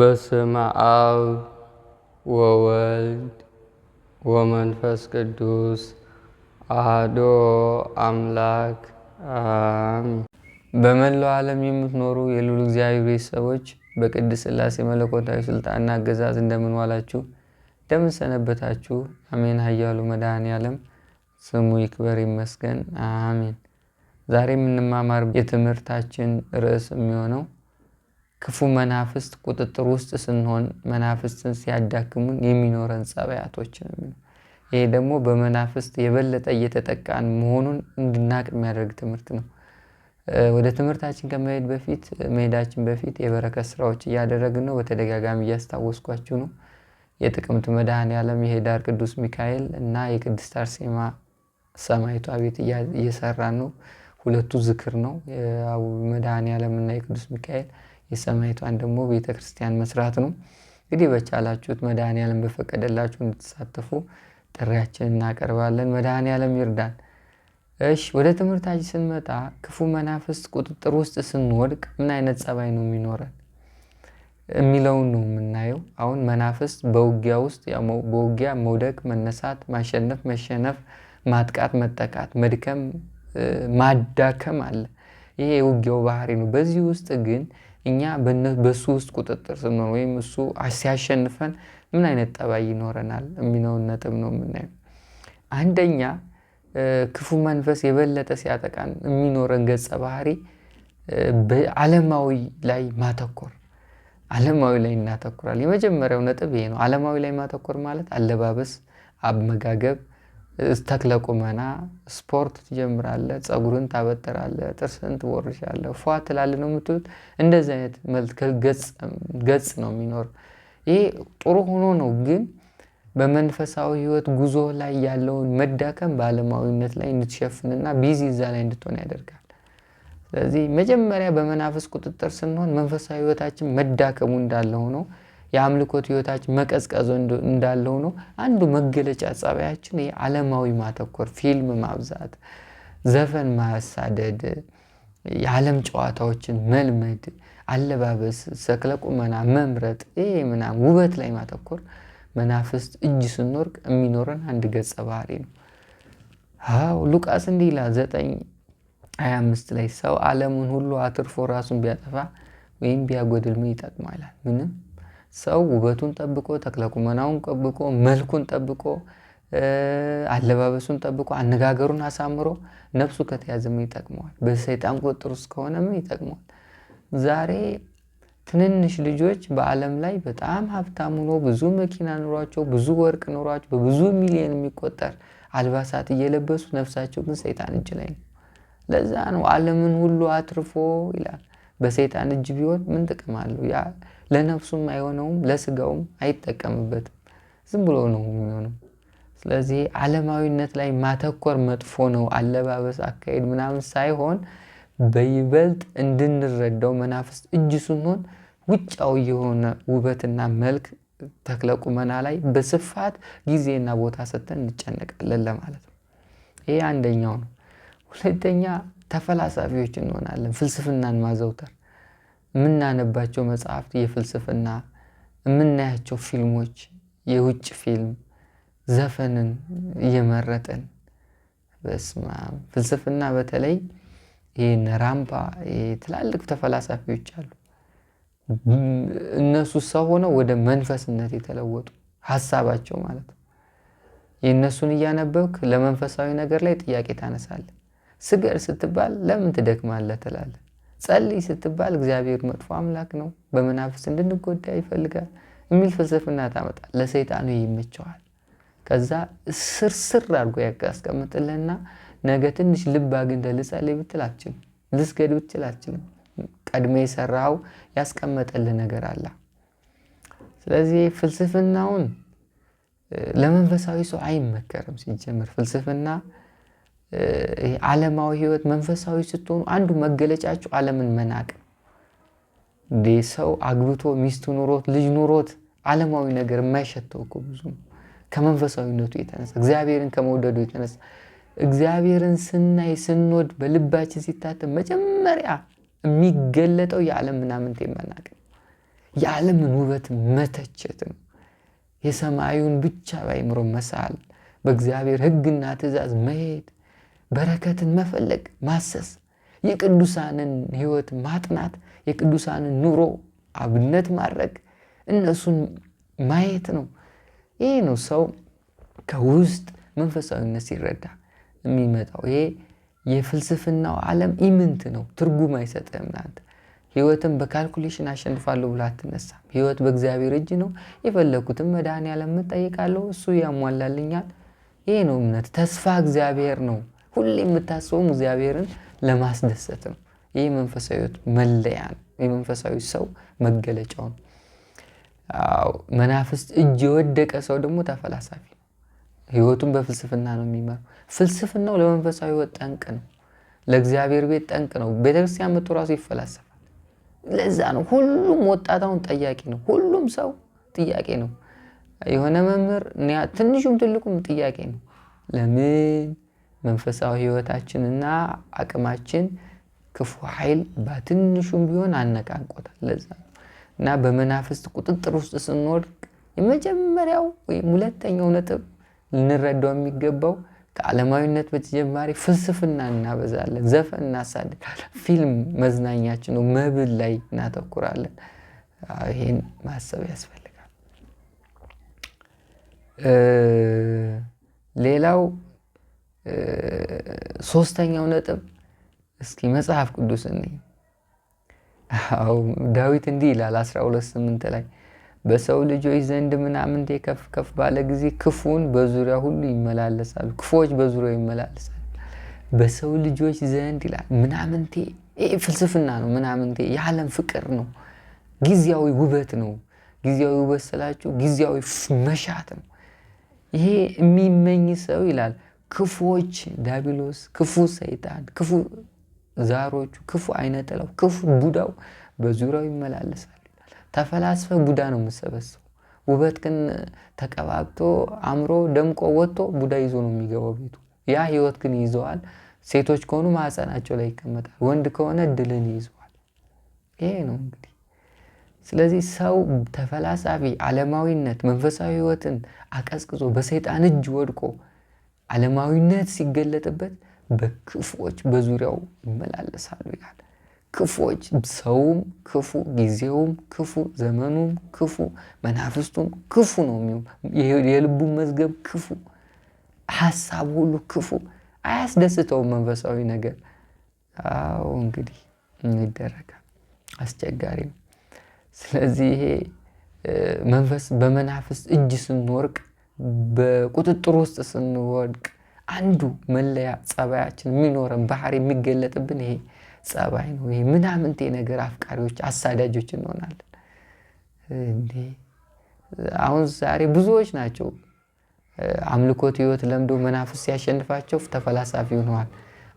በስመ አብ ወወልድ ወመንፈስ ቅዱስ አሐዱ አምላክ አሜን። በመላው ዓለም የምትኖሩ የልዑል እግዚአብሔር ቤተሰቦች በቅድስት ሥላሴ መለኮታዊ ስልጣንና አገዛዝ እንደምንዋላችሁ እንደምንሰነበታችሁ፣ አሜን። ኃያሉ መድኃኔዓለም ስሙ ይክበር ይመስገን፣ አሜን። ዛሬ የምንማማር የትምህርታችን ርዕስ የሚሆነው ክፉ መናፍስት ቁጥጥር ውስጥ ስንሆን መናፍስትን ሲያዳክሙን የሚኖረን ነው። ይሄ ደግሞ በመናፍስት የበለጠ እየተጠቃን መሆኑን እንድናቅ የሚያደርግ ትምህርት ነው። ወደ ትምህርታችን ከመሄድ በፊት መሄዳችን በፊት የበረከት ስራዎች እያደረግን ነው። በተደጋጋሚ እያስታወስኳችሁ ነው። የጥቅምት መድኃኔዓለም የሄዳር ቅዱስ ሚካኤል እና የቅድስት አርሴማ ሰማዕቷ ቤት እየሰራን ነው። ሁለቱ ዝክር ነው፣ መድኃኔዓለም እና የቅዱስ ሚካኤል የሰማይቷን ደግሞ ቤተ ክርስቲያን መስራት ነው። እንግዲህ በቻላችሁት መድኃኔዓለም በፈቀደላችሁ እንድትሳተፉ ጥሪያችን እናቀርባለን። መድኃኔዓለም ይርዳን። እሽ ወደ ትምህርታችን ስንመጣ ክፉ መናፍስት ቁጥጥር ውስጥ ስንወድቅ ምን አይነት ጸባይ ነው የሚኖረን የሚለውን ነው የምናየው። አሁን መናፍስት በውጊያ ውስጥ በውጊያ መውደቅ፣ መነሳት፣ ማሸነፍ፣ መሸነፍ፣ ማጥቃት፣ መጠቃት፣ መድከም፣ ማዳከም አለ። ይሄ የውጊያው ባህሪ ነው። በዚህ ውስጥ ግን እኛ በእሱ ውስጥ ቁጥጥር ስንሆን ወይም እሱ ሲያሸንፈን ምን አይነት ጠባይ ይኖረናል የሚለውን ነጥብ ነው የምናየው። አንደኛ ክፉ መንፈስ የበለጠ ሲያጠቃን የሚኖረን ገጸ ባህሪ በዓለማዊ ላይ ማተኮር፣ ዓለማዊ ላይ እናተኩራል። የመጀመሪያው ነጥብ ይሄ ነው። ዓለማዊ ላይ ማተኮር ማለት አለባበስ፣ አመጋገብ ተክለ ቁመና ስፖርት ትጀምራለ፣ ፀጉርን ታበጥራለ፣ ጥርስን ትወርሻለ፣ ፏ ትላለ ነው የምትሉት። እንደዚህ አይነት መልክ ገጽ ነው የሚኖር። ይሄ ጥሩ ሆኖ ነው ግን በመንፈሳዊ ህይወት ጉዞ ላይ ያለውን መዳከም በአለማዊነት ላይ እንድትሸፍንና ቢዚ እዛ ላይ እንድትሆን ያደርጋል። ስለዚህ መጀመሪያ በመናፍስ ቁጥጥር ስንሆን መንፈሳዊ ህይወታችን መዳከሙ እንዳለ ሆኖ የአምልኮት ህይወታችን መቀዝቀዞ እንዳለ ሆኖ አንዱ መገለጫ ጸባያችን የዓለማዊ ማተኮር፣ ፊልም ማብዛት፣ ዘፈን ማሳደድ፣ የዓለም ጨዋታዎችን መልመድ፣ አለባበስ፣ ሰክለ ቁመና መምረጥ፣ ይሄ ምናምን ውበት ላይ ማተኮር መናፍስት እጅ ስንወርቅ የሚኖረን አንድ ገጸ ባህሪ ነው። አዎ ሉቃስ እንዲህ ይላል ዘጠኝ ሀያ አምስት ላይ ሰው ዓለሙን ሁሉ አትርፎ ራሱን ቢያጠፋ ወይም ቢያጎድል ምን ይጠቅማላል? ምንም ሰው ውበቱን ጠብቆ ተክለቁመናውን ጠብቆ መልኩን ጠብቆ አለባበሱን ጠብቆ አነጋገሩን አሳምሮ ነፍሱ ከተያዘ ምን ይጠቅመዋል? በሰይጣን ቁጥጥር ውስጥ ከሆነ ምን ይጠቅመዋል? ዛሬ ትንንሽ ልጆች በዓለም ላይ በጣም ሀብታም ሆኖ ብዙ መኪና ኑሯቸው ብዙ ወርቅ ኑሯቸው በብዙ ሚሊዮን የሚቆጠር አልባሳት እየለበሱ ነፍሳቸው ግን ሰይጣን እጅ ላይ ነው። ለዛ ነው ዓለምን ሁሉ አትርፎ ይላል። በሰይጣን እጅ ቢሆን ምን ጥቅም አለው? ያ ለነፍሱም አይሆነውም፣ ለስጋውም አይጠቀምበትም። ዝም ብሎ ነው የሚሆነው። ስለዚህ ዓለማዊነት ላይ ማተኮር መጥፎ ነው። አለባበስ፣ አካሄድ ምናምን ሳይሆን በይበልጥ እንድንረዳው መናፍስት እጅ ስንሆን ውጫዊ የሆነ ውበትና መልክ ተክለ ላይ በስፋት ጊዜና ቦታ ሰጥተን እንጨነቃለን ለማለት ነው። ይሄ አንደኛው ነው። ሁለተኛ ተፈላሳፊዎች እንሆናለን። ፍልስፍናን ማዘውተር፣ የምናነባቸው መጽሐፍት የፍልስፍና፣ የምናያቸው ፊልሞች የውጭ ፊልም፣ ዘፈንን እየመረጥን በስማ ፍልስፍና በተለይ ይህን ራምባ ትላልቅ ተፈላሳፊዎች አሉ። እነሱ ሰው ሆነው ወደ መንፈስነት የተለወጡ ሀሳባቸው ማለት ነው። የእነሱን እያነበብክ ለመንፈሳዊ ነገር ላይ ጥያቄ ታነሳለን። ስገድ ስትባል ለምን ትደክማለህ ትላለ ጸልይ ስትባል እግዚአብሔር መጥፎ አምላክ ነው፣ በመናፍስ እንድንጎዳ ይፈልጋል የሚል ፍልስፍና ታመጣ ለሰይጣኑ ይመቸዋል። ከዛ ስርስር አድርጎ ያስቀምጥልህና ነገ ትንሽ ልብ አግኝተህ ልጸልይ ብትል አትችልም፣ ልስገድ ብትል አትችልም። ቀድሜ የሰራኸው ያስቀመጠልህ ነገር አለ። ስለዚህ ፍልስፍናውን ለመንፈሳዊ ሰው አይመከርም። ሲጀምር ፍልስፍና ዓለማዊ ህይወት መንፈሳዊ ስትሆኑ አንዱ መገለጫችሁ ዓለምን መናቅ። ሰው አግብቶ ሚስቱ ኑሮት ልጅ ኑሮት ዓለማዊ ነገር የማይሸተው እኮ ብዙ ከመንፈሳዊነቱ የተነሳ እግዚአብሔርን ከመውደዱ የተነሳ እግዚአብሔርን ስናይ ስንወድ በልባችን ሲታተም መጀመሪያ የሚገለጠው የዓለም ምናምንት መናቅ የዓለምን ውበት መተቸት ነው። የሰማዩን ብቻ ባይምሮ መሳል፣ በእግዚአብሔር ህግና ትእዛዝ መሄድ በረከትን መፈለግ ማሰስ፣ የቅዱሳንን ህይወት ማጥናት፣ የቅዱሳንን ኑሮ አብነት ማድረግ፣ እነሱን ማየት ነው። ይህ ነው ሰው ከውስጥ መንፈሳዊነት ሲረዳ የሚመጣው። ይሄ የፍልስፍናው ዓለም ኢምንት ነው፣ ትርጉም አይሰጥህም። ናንተ ህይወትን በካልኩሌሽን አሸንፋለሁ ብላ አትነሳም። ህይወት በእግዚአብሔር እጅ ነው። የፈለግኩትን መድኃኔዓለም እጠይቃለሁ፣ እሱ ያሟላልኛል። ይሄ ነው እምነት። ተስፋ እግዚአብሔር ነው። ሁሌ የምታስበውም እግዚአብሔርን ለማስደሰት ነው። ይህ መንፈሳዊ መለያ ነው። የመንፈሳዊ ሰው መገለጫው ነው። መናፍስት እጅ የወደቀ ሰው ደግሞ ተፈላሳፊ ነው። በፍልስፍና ነው የሚመራው። ፍልስፍናው ለመንፈሳዊ ሕይወት ጠንቅ ነው። ለእግዚአብሔር ቤት ጠንቅ ነው። ቤተክርስቲያን መቶ ራሱ ይፈላሰፋል። ለዛ ነው ሁሉም ወጣት አሁን ጠያቂ ነው። ሁሉም ሰው ጥያቄ ነው። የሆነ መምህር ትንሹም ትልቁም ጥያቄ ነው። ለምን መንፈሳዊ ህይወታችንና አቅማችን ክፉ ኃይል በትንሹም ቢሆን አነቃንቆታል። ለዛ ነው እና በመናፍስት ቁጥጥር ውስጥ ስንወድቅ የመጀመሪያው ወይም ሁለተኛው ነጥብ ልንረዳው የሚገባው ከዓለማዊነት በተጀማሪ ፍልስፍና እናበዛለን፣ ዘፈን እናሳድጋለን፣ ፊልም መዝናኛችን ነው፣ መብል ላይ እናተኩራለን። ይህን ማሰብ ያስፈልጋል። ሌላው ሶስተኛው ነጥብ እስኪ መጽሐፍ ቅዱስ እንይ። ዳዊት እንዲህ ይላል አስራ ሁለት ስምንት ላይ በሰው ልጆች ዘንድ ምናምንቴ ከፍ ከፍ ባለ ጊዜ ክፉን በዙሪያ ሁሉ ይመላለሳሉ፣ ክፉዎች በዙሪያው ይመላለሳሉ። በሰው ልጆች ዘንድ ይላል ምናምንቴ ፍልስፍና ነው። ምናምንቴ የዓለም ፍቅር ነው፣ ጊዜያዊ ውበት ነው። ጊዜያዊ ውበት ስላችሁ ጊዜያዊ መሻት ነው። ይሄ የሚመኝ ሰው ይላል ክፉዎች ዲያብሎስ፣ ክፉ ሰይጣን፣ ክፉ ዛሮቹ፣ ክፉ አይነ ክፉ ቡዳው በዙሪያው ይመላለሳል ተፈላስፈ ቡዳ ነው የምሰበሰው። ውበት ግን ተቀባብቶ አምሮ ደምቆ ወጥቶ ቡዳ ይዞ ነው የሚገባው ቤቱ። ያ ህይወት ግን ይዘዋል። ሴቶች ከሆኑ ማህፀናቸው ላይ ይቀመጣል። ወንድ ከሆነ ድልን ይዘዋል። ይሄ ነው እንግዲህ ስለዚህ ሰው ተፈላሳፊ ዓለማዊነት መንፈሳዊ ህይወትን አቀዝቅዞ በሰይጣን እጅ ወድቆ ዓለማዊነት ሲገለጥበት በክፉዎች በዙሪያው ይመላለሳሉ ይላል። ክፉዎች ሰውም ክፉ፣ ጊዜውም ክፉ፣ ዘመኑም ክፉ፣ መናፍስቱም ክፉ ነው የሚሆን የልቡ መዝገብ ክፉ፣ ሀሳብ ሁሉ ክፉ፣ አያስደስተውም መንፈሳዊ ነገር። አዎ እንግዲህ ይደረጋል፣ አስቸጋሪ ስለዚህ ይሄ መንፈስ በመናፍስ እጅ ስንወርቅ በቁጥጥር ውስጥ ስንወድቅ አንዱ መለያ ጸባያችን የሚኖረን ባህሪ የሚገለጥብን ይሄ ጸባይ ነው። ይሄ ምናምንቴ ነገር አፍቃሪዎች፣ አሳዳጆች እንሆናለን። አሁን ዛሬ ብዙዎች ናቸው አምልኮት ህይወት ለምዶ መናፍስ ሲያሸንፋቸው ተፈላሳፊ ሆነዋል።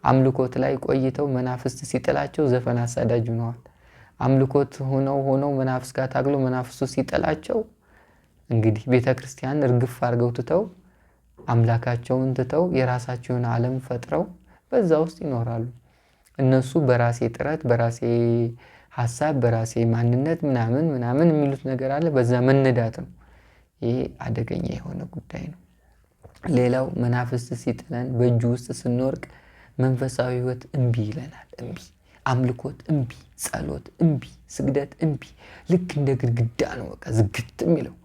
አምልኮት ላይ ቆይተው መናፍስት ሲጥላቸው ዘፈን አሳዳጅ ሆነዋል። አምልኮት ሆነው ሆነው መናፍስ ጋር ታግሎ መናፍሱ ሲጥላቸው እንግዲህ ቤተ ክርስቲያን እርግፍ አድርገው ትተው አምላካቸውን ትተው የራሳቸውን ዓለም ፈጥረው በዛ ውስጥ ይኖራሉ። እነሱ በራሴ ጥረት፣ በራሴ ሀሳብ፣ በራሴ ማንነት ምናምን ምናምን የሚሉት ነገር አለ። በዛ መነዳት ነው። ይሄ አደገኛ የሆነ ጉዳይ ነው። ሌላው መናፍስት ሲጥለን፣ በእጁ ውስጥ ስንወርቅ መንፈሳዊ ህይወት እምቢ ይለናል። እምቢ አምልኮት እምቢ፣ ጸሎት እምቢ፣ ስግደት እምቢ። ልክ እንደ ግድግዳ ነው በቃ ዝግት የሚለው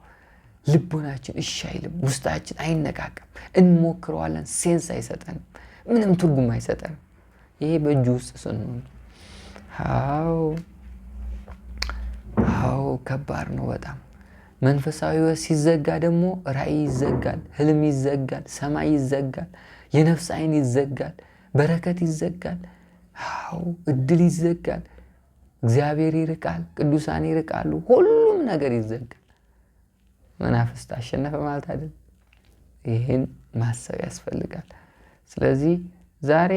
ልቦናችን እሺ አይልም፣ ውስጣችን አይነቃቀም። እንሞክረዋለን፣ ሴንስ አይሰጠንም፣ ምንም ትርጉም አይሰጠንም። ይሄ በእጁ ውስጥ ስንሆን ው ው ከባድ ነው በጣም መንፈሳዊ ወስ ሲዘጋ ደግሞ ራእይ ይዘጋል፣ ህልም ይዘጋል፣ ሰማይ ይዘጋል፣ የነፍስ አይን ይዘጋል፣ በረከት ይዘጋል፣ ው እድል ይዘጋል፣ እግዚአብሔር ይርቃል፣ ቅዱሳን ይርቃሉ፣ ሁሉም ነገር ይዘጋል። መናፍስት አሸነፈ ማለት አይደል? ይህን ማሰብ ያስፈልጋል። ስለዚህ ዛሬ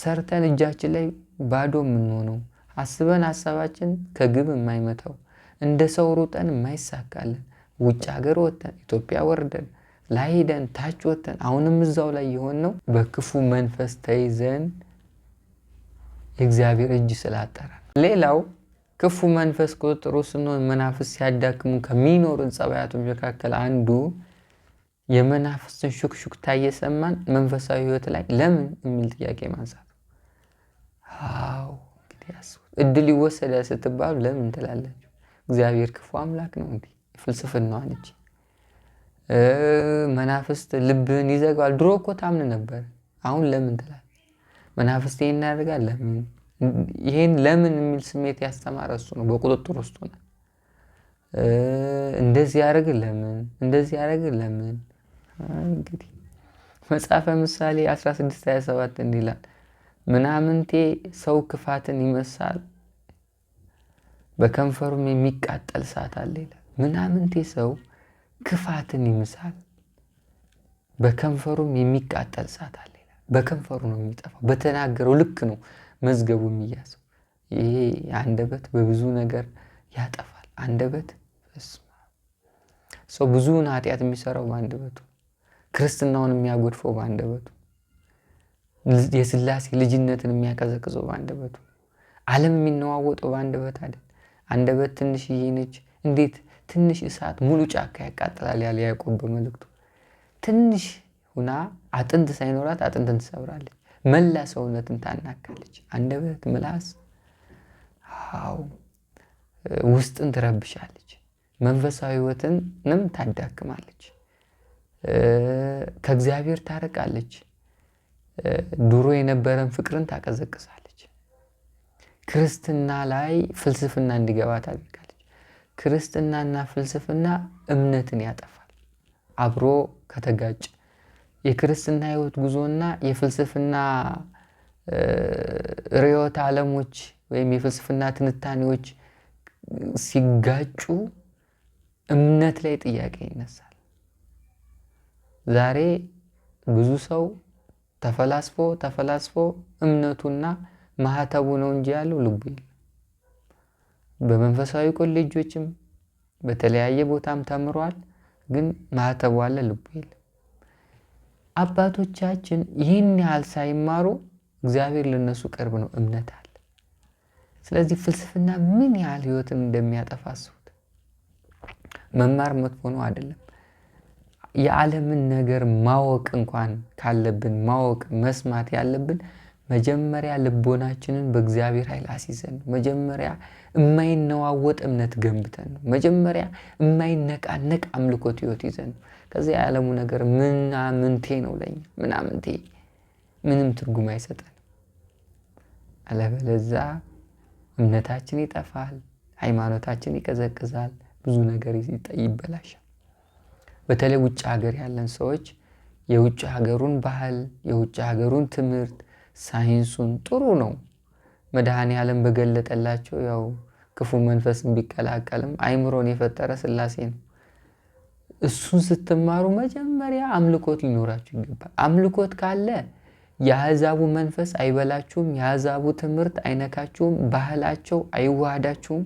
ሰርተን እጃችን ላይ ባዶ የምንሆነው አስበን ሀሳባችን ከግብ የማይመታው እንደ ሰው ሩጠን የማይሳካለን ውጭ ሀገር ወጥተን ኢትዮጵያ ወርደን ላይ ሄደን ታች ወጥተን አሁንም እዛው ላይ ነው በክፉ መንፈስ ተይዘን የእግዚአብሔር እጅ ስላጠራል። ሌላው ክፉ መንፈስ ቁጥጥሩ ስንሆን መናፍስ ሲያዳክሙ ከሚኖሩ ጸባያቶች መካከል አንዱ የመናፍስን ሹክሹክታ እየሰማን መንፈሳዊ ህይወት ላይ ለምን የሚል ጥያቄ ማንሳት ነው። እንግዲህ እድል ይወሰዳል ስትባሉ ለምን ትላላችሁ? እግዚአብሔር ክፉ አምላክ ነው እንዴ? ፍልስፍናዋ ነች። መናፍስት ልብን ይዘጋዋል። ድሮ እኮ ታምን ነበር፣ አሁን ለምን ትላል? መናፍስት ይሄን ያደርጋል ለምን ይሄን ለምን የሚል ስሜት ያስተማረ እሱ ነው። በቁጥጥር ውስጥ ሆነ እንደዚህ ያደረግ ለምን እንደዚህ ያደረግ ለምን እንግዲህ መጽሐፈ ምሳሌ 1627 እንዲህ ይላል፣ ምናምንቴ ሰው ክፋትን ይመሳል በከንፈሩም የሚቃጠል እሳት አለ ይላል። ምናምንቴ ሰው ክፋትን ይምሳል በከንፈሩም የሚቃጠል እሳት አለ ይላል። በከንፈሩ ነው የሚጠፋው፣ በተናገረው ልክ ነው መዝገቡ የሚያዘው። ይሄ አንደበት በብዙ ነገር ያጠፋል። አንደበት ሰው ብዙውን ኃጢአት የሚሰራው በአንደበቱ፣ ክርስትናውን የሚያጎድፈው በአንደበቱ፣ የስላሴ ልጅነትን የሚያቀዘቅዘው በአንደበቱ፣ ዓለም የሚነዋወጠው በአንደበት አይደል? አንደበት ትንሽዬ ነች። እንዴት ትንሽ እሳት ሙሉ ጫካ ያቃጥላል ያለ ያዕቆብ በመልእክቱ። ትንሽ ሁና አጥንት ሳይኖራት አጥንትን ትሰብራለች። መላ ሰውነትን ታናካለች። አንደበት፣ ምላስ ው ውስጥን ትረብሻለች። መንፈሳዊ ሕይወትንም ታዳክማለች። ከእግዚአብሔር ታረቃለች። ድሮ የነበረን ፍቅርን ታቀዘቅሳለች። ክርስትና ላይ ፍልስፍና እንዲገባ ታደርጋለች። ክርስትናና ፍልስፍና እምነትን ያጠፋል አብሮ ከተጋጭ የክርስትና ህይወት ጉዞና የፍልስፍና ርዕዮተ ዓለሞች ወይም የፍልስፍና ትንታኔዎች ሲጋጩ እምነት ላይ ጥያቄ ይነሳል። ዛሬ ብዙ ሰው ተፈላስፎ ተፈላስፎ እምነቱና ማህተቡ ነው እንጂ ያለው ልቡ የለም። በመንፈሳዊ ኮሌጆችም በተለያየ ቦታም ተምሯል፣ ግን ማህተቡ አለ ልቡ የለም። አባቶቻችን ይህን ያህል ሳይማሩ እግዚአብሔር ለነሱ ቅርብ ነው፣ እምነት አለ። ስለዚህ ፍልስፍና ምን ያህል ህይወትን እንደሚያጠፋ አስቡት። መማር መጥፎ ነው አይደለም። የዓለምን ነገር ማወቅ እንኳን ካለብን ማወቅ መስማት ያለብን መጀመሪያ ልቦናችንን በእግዚአብሔር ኃይል አስይዘን ነው። መጀመሪያ የማይነዋወጥ እምነት ገንብተን ነው። መጀመሪያ የማይነቃነቅ አምልኮት ህይወት ይዘን ነው። ከዚያ የዓለሙ ነገር ምናምንቴ ነው ለኛ፣ ምናምንቴ ምንም ትርጉም አይሰጠን። አለበለዛ እምነታችን ይጠፋል፣ ሃይማኖታችን ይቀዘቅዛል፣ ብዙ ነገር ይበላሻል። በተለይ ውጭ ሀገር ያለን ሰዎች የውጭ ሀገሩን ባህል፣ የውጭ ሀገሩን ትምህርት ሳይንሱን ጥሩ ነው። መድኃኔ ዓለም በገለጠላቸው ያው ክፉ መንፈስ ቢቀላቀልም አይምሮን የፈጠረ ስላሴ ነው። እሱን ስትማሩ መጀመሪያ አምልኮት ሊኖራችሁ ይገባል። አምልኮት ካለ የአሕዛቡ መንፈስ አይበላችሁም። የአሕዛቡ ትምህርት አይነካችሁም። ባህላቸው አይዋሃዳችሁም።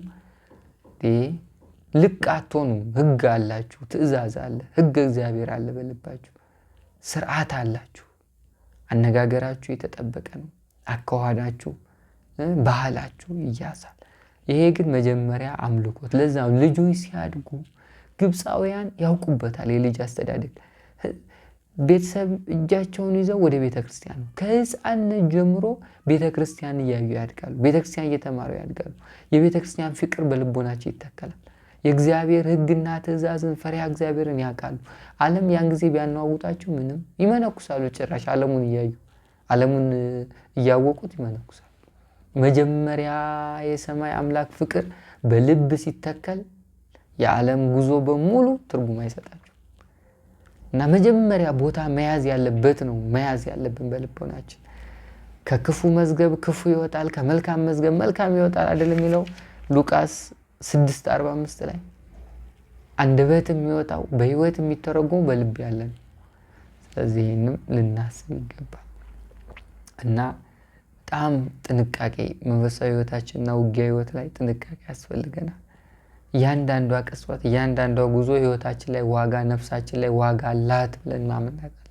ልቅ አትሆኑም። ህግ አላችሁ፣ ትእዛዝ አለ፣ ህግ እግዚአብሔር አለ፣ በልባችሁ ስርዓት አላችሁ። አነጋገራችሁ የተጠበቀ ነው። አካዋዳችሁ፣ ባህላችሁ ይያዛል። ይሄ ግን መጀመሪያ አምልኮት። ለዛ ልጆች ሲያድጉ ግብፃውያን ያውቁበታል የልጅ አስተዳደግ ቤተሰብ እጃቸውን ይዘው ወደ ቤተ ክርስቲያን ነው። ከህፃንነት ጀምሮ ቤተ ክርስቲያን እያዩ ያድጋሉ። ቤተ ክርስቲያን እየተማሩ ያድጋሉ። የቤተ ክርስቲያን ፍቅር በልቦናቸው ይተከላል። የእግዚአብሔር ህግና ትእዛዝን ፈሪያ እግዚአብሔርን ያውቃሉ። ዓለም ያን ጊዜ ቢያነዋውጣችሁ ምንም ይመነኩሳሉ። ጭራሽ ዓለሙን እያዩ ዓለሙን እያወቁት ይመነኩሳሉ። መጀመሪያ የሰማይ አምላክ ፍቅር በልብ ሲተከል የዓለም ጉዞ በሙሉ ትርጉም አይሰጣቸው እና መጀመሪያ ቦታ መያዝ ያለበት ነው መያዝ ያለብን በልቦናችን። ከክፉ መዝገብ ክፉ ይወጣል፣ ከመልካም መዝገብ መልካም ይወጣል አይደለም የሚለው ሉቃስ ስድስት አርባ አምስት ላይ አንደበት የሚወጣው በህይወት የሚተረጎሙ በልብ ያለ ነው። ስለዚህ ይህንም ልናስብ ይገባል እና በጣም ጥንቃቄ መንፈሳዊ ህይወታችንና ውጊያ ህይወት ላይ ጥንቃቄ ያስፈልገናል። እያንዳንዷ ቅጽበት፣ እያንዳንዷ ጉዞ ህይወታችን ላይ ዋጋ፣ ነፍሳችን ላይ ዋጋ አላት ብለን ማመን አለብን።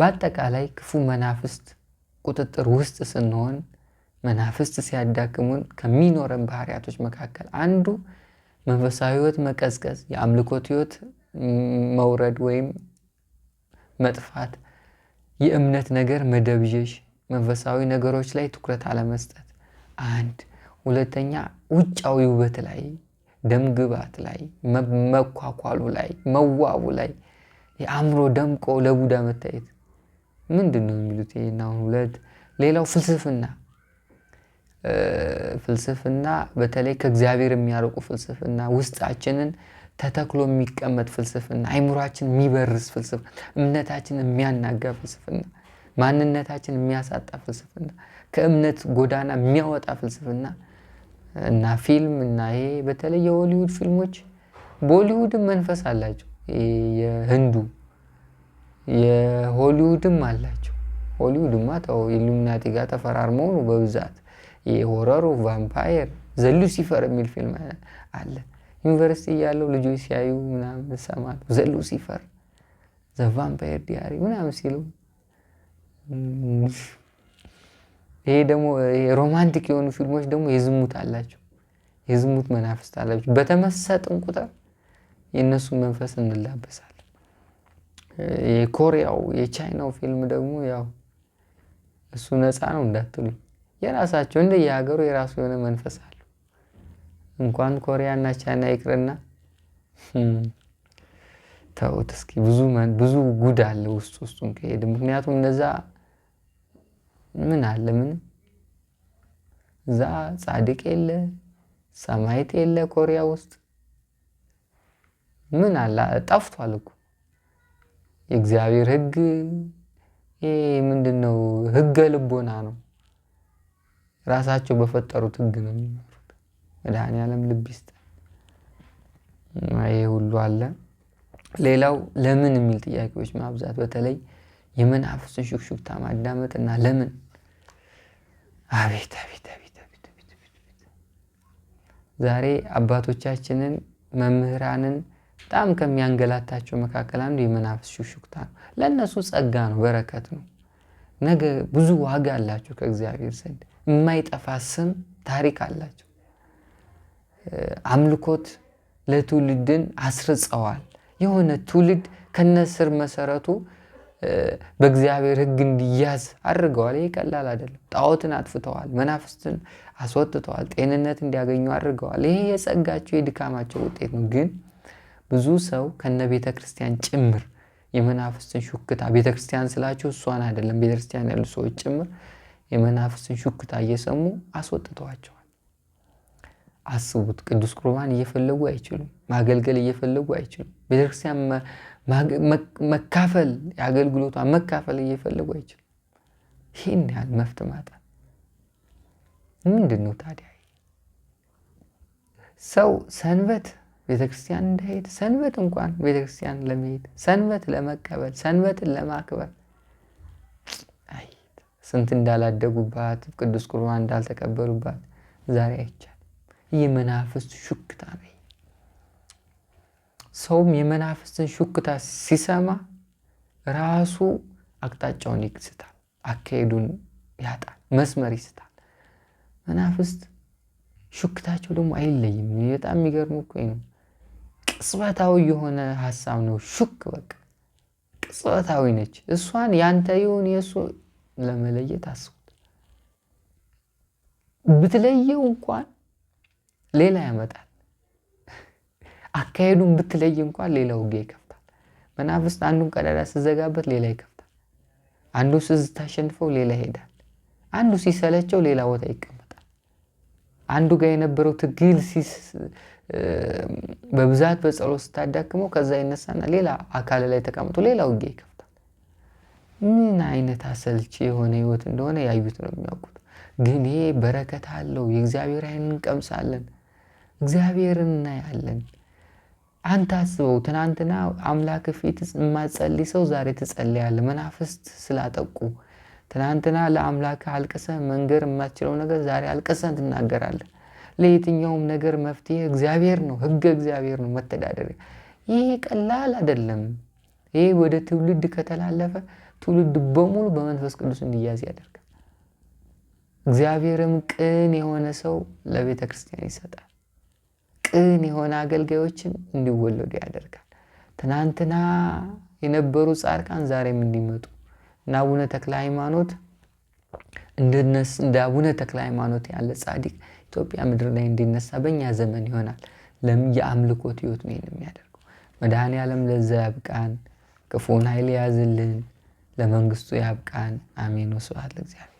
በአጠቃላይ ክፉ መናፍስት ቁጥጥር ውስጥ ስንሆን መናፍስት ሲያዳክሙን ከሚኖረን ባህሪያቶች መካከል አንዱ መንፈሳዊ ህይወት መቀዝቀዝ፣ የአምልኮት ህይወት መውረድ ወይም መጥፋት፣ የእምነት ነገር መደብዥሽ፣ መንፈሳዊ ነገሮች ላይ ትኩረት አለመስጠት አንድ ሁለተኛ ውጫዊ ውበት ላይ ደምግባት ላይ መኳኳሉ ላይ መዋቡ ላይ የአእምሮ ደምቆ ለቡዳ መታየት ምንድን ነው የሚሉት ይህን አሁን ሁለት ሌላው ፍልስፍና ፍልስፍና በተለይ ከእግዚአብሔር የሚያርቁ ፍልስፍና ውስጣችንን ተተክሎ የሚቀመጥ ፍልስፍና፣ አይምሯችን የሚበርስ ፍልስፍና፣ እምነታችን የሚያናጋ ፍልስፍና፣ ማንነታችን የሚያሳጣ ፍልስፍና፣ ከእምነት ጎዳና የሚያወጣ ፍልስፍና እና ፊልም እና ይሄ በተለይ የሆሊውድ ፊልሞች ቦሊውድም መንፈስ አላቸው። የህንዱ የሆሊውድም አላቸው። ሆሊውድማ ተው ኢሉሚናቲ ጋር ተፈራርመው ነው በብዛት የሆረሩ ቫምፓየር ዘ ሉሲፈር የሚል ፊልም አለ። ዩኒቨርሲቲ እያለው ልጆች ሲያዩ ምናምን ሰማ ዘ ሉሲፈር፣ ዘ ቫምፓየር ዲያሪ ምናምን ሲሉ ይሄ ደግሞ ሮማንቲክ የሆኑ ፊልሞች ደግሞ የዝሙት አላቸው፣ የዝሙት መናፍስት አላቸው። በተመሰጥን ቁጥር የእነሱን መንፈስ እንላበሳለን። የኮሪያው የቻይናው ፊልም ደግሞ ያው እሱ ነፃ ነው እንዳትሉኝ የራሳቸው እንደ የሀገሩ የራሱ የሆነ መንፈስ አለው። እንኳን እና ቻይና ይቅርና ተውት እስኪ ብዙ ብዙ ጉድ አለ ውስጥ ውስጡን ከሄድ ምክንያቱም እነዛ ምን አለ ምን እዛ ጻድቅ የለ ሰማይት የለ ኮሪያ ውስጥ ምን አለ ጠፍቷል እኮ የእግዚአብሔር ህግ ምንድን ነው? ህገ ልቦና ነው። ራሳቸው በፈጠሩት ህግ ነው የሚኖሩት። መድኃኔዓለም ልብ ይስጥ። ይሄ ሁሉ አለ። ሌላው ለምን የሚል ጥያቄዎች ማብዛት፣ በተለይ የመናፍስን ሹክሹክታ ማዳመጥ እና ለምን አቤት አቤት አቤት ዛሬ አባቶቻችንን መምህራንን በጣም ከሚያንገላታቸው መካከል አንዱ የመናፍስ ሹክሹክታ ነው። ለእነሱ ጸጋ ነው፣ በረከት ነው። ነገ ብዙ ዋጋ አላቸው ከእግዚአብሔር ዘንድ። የማይጠፋ ስም ታሪክ አላቸው። አምልኮት ለትውልድን አስርጸዋል። የሆነ ትውልድ ከነስር መሰረቱ በእግዚአብሔር ሕግ እንዲያዝ አድርገዋል። ይህ ቀላል አይደለም። ጣዖትን አጥፍተዋል። መናፍስትን አስወጥተዋል። ጤንነት እንዲያገኙ አድርገዋል። ይሄ የጸጋቸው የድካማቸው ውጤት ነው። ግን ብዙ ሰው ከነ ቤተ ክርስቲያን ጭምር የመናፍስትን ሹክታ ቤተ ክርስቲያን ስላችሁ እሷን አይደለም፣ ቤተ ክርስቲያን ያሉ ሰዎች ጭምር የመናፍስን ሹክታ እየሰሙ አስወጥተዋቸዋል። አስቡት፣ ቅዱስ ቁርባን እየፈለጉ አይችሉም። ማገልገል እየፈለጉ አይችሉም። ቤተክርስቲያን መካፈል የአገልግሎቷ መካፈል እየፈለጉ አይችሉም። ይህን ያህል መፍት ማጣት ምንድን ነው ታዲያ? ሰው ሰንበት ቤተክርስቲያን እንዳይሄድ ሰንበት እንኳን ቤተክርስቲያን ለመሄድ ሰንበት ለመቀበል ሰንበትን ለማክበር ስንት እንዳላደጉባት ቅዱስ ቁርባን እንዳልተቀበሉባት ዛሬ አይቻልም። የመናፍስት ሹክታ ነው። ሰውም የመናፍስትን ሹክታ ሲሰማ ራሱ አቅጣጫውን ይስታል፣ አካሄዱን ያጣል፣ መስመር ይስታል። መናፍስት ሹክታቸው ደግሞ አይለይም። በጣም የሚገርሙ እኮ ነው። ቅጽበታዊ የሆነ ሀሳብ ነው ሹክ በቃ ቅጽበታዊ ነች። እሷን ያንተ ይሁን የእሱ ለመለየት አስቡት። ብትለየው እንኳን ሌላ ያመጣል። አካሄዱን ብትለይ እንኳን ሌላ ውጊያ ይከፍታል። መናፍስት አንዱን ቀዳዳ ስዘጋበት ሌላ ይከፍታል። አንዱ ስታሸንፈው ሌላ ይሄዳል። አንዱ ሲሰለቸው ሌላ ቦታ ይቀመጣል። አንዱ ጋር የነበረው ትግል በብዛት በጸሎት ስታዳክመው ከዛ ይነሳና ሌላ አካል ላይ ተቀምጦ ሌላ ውጊያ ይከፍታል። ምን አይነት አሰልቺ የሆነ ህይወት እንደሆነ ያዩት ነው የሚያውቁት። ግን ይሄ በረከት አለው። የእግዚአብሔር አይን እንቀምሳለን፣ እግዚአብሔርን እናያለን። አንተ አስበው፣ ትናንትና አምላክ ፊት የማትጸልይ ሰው ዛሬ ትጸልያለህ። መናፍስት ስላጠቁ ትናንትና ለአምላክ አልቅሰ መንገር የማትችለው ነገር ዛሬ አልቅሰ ትናገራለህ። ለየትኛውም ነገር መፍትሄ እግዚአብሔር ነው። ህገ እግዚአብሔር ነው መተዳደሪያ። ይሄ ቀላል አይደለም። ይሄ ወደ ትውልድ ከተላለፈ ትውልድ በሙሉ በመንፈስ ቅዱስ እንዲያዝ ያደርጋል። እግዚአብሔርም ቅን የሆነ ሰው ለቤተ ክርስቲያን ይሰጣል። ቅን የሆነ አገልጋዮችን እንዲወለዱ ያደርጋል። ትናንትና የነበሩ ጻድቃን ዛሬም እንዲመጡ እና አቡነ ተክለ ሃይማኖት እንደ አቡነ ተክለ ሃይማኖት ያለ ጻድቅ ኢትዮጵያ ምድር ላይ እንዲነሳ በእኛ ዘመን ይሆናል። የአምልኮት ህይወት ነው የሚያደርገው። መድኃኔ ዓለም ለዛ ያብቃን፣ ክፉን ኃይል ያዝልን ለመንግስቱ ያብቃን። አሜን። ወስብሐት ለእግዚአብሔር።